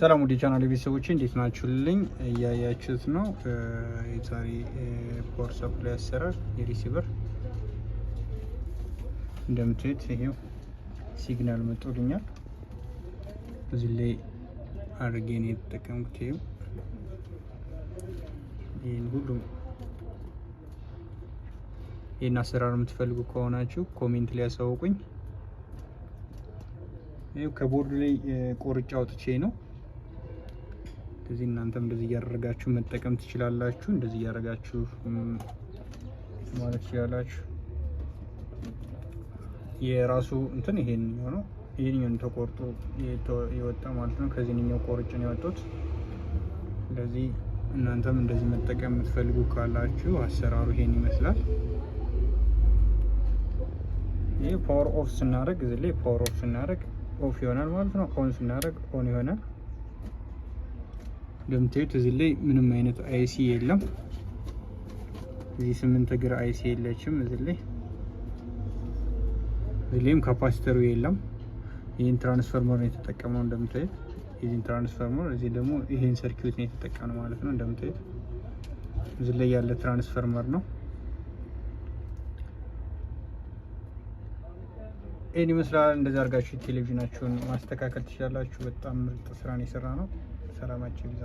ሰላም ወደ ቻናል ቤተሰቦች እንዴት ናችሁልኝ? እያያችሁት ነው የዛሬ ፓወር ሰፕላይ አሰራር የሪሲቨር እንደምትዩት ይሄው ሲግናል መጥቶልኛል። እዚህ ላይ አድርጌ ነው የተጠቀምኩት። ይሄው ይህን ሁሉም ይህን አሰራር የምትፈልጉ ከሆናችሁ ኮሜንት ላይ ያሳውቁኝ። ይሄው ላይ ቆርጬ አውጥቼ ነው ስለዚህ እናንተም እንደዚህ እያደረጋችሁ መጠቀም ትችላላችሁ። እንደዚህ እያደረጋችሁ ማለት ትችላላችሁ። የራሱ እንትን ይሄን ነው ይህኛውን ተቆርጦ የወጣ ማለት ነው። ከዚህኛው ቆርጭ ነው የወጡት። ስለዚህ እናንተም እንደዚህ መጠቀም የምትፈልጉ ካላችሁ አሰራሩ ይሄን ይመስላል። ይህ ፓወር ኦፍ ስናደርግ እዚህ ላይ ፓወር ኦፍ ስናደርግ ኦፍ ይሆናል ማለት ነው። ኦን ስናደርግ ኦን ይሆናል። እንደምታዩት እዚህ ላይ ምንም አይነት አይሲ የለም። እዚህ ስምንት እግር አይሲ የለችም። እዚህ ላይ እዚህ ላይም ካፓሲተሩ የለም። ይህን ትራንስፎርመር ነው የተጠቀመው እንደምታዩት የዚህን ትራንስፎርመር እዚህ ደግሞ ይህን ሰርኪዩት ነው የተጠቀምነው ማለት ነው። እንደምታዩት እዚህ ላይ ያለ ትራንስፎርመር ነው። ይህን ይመስላል። እንደዚህ አድርጋችሁ ቴሌቪዥናችሁን ማስተካከል ትችላላችሁ። በጣም ምርጥ ስራን የሰራ ነው። ሰላማችሁ ይብዛ።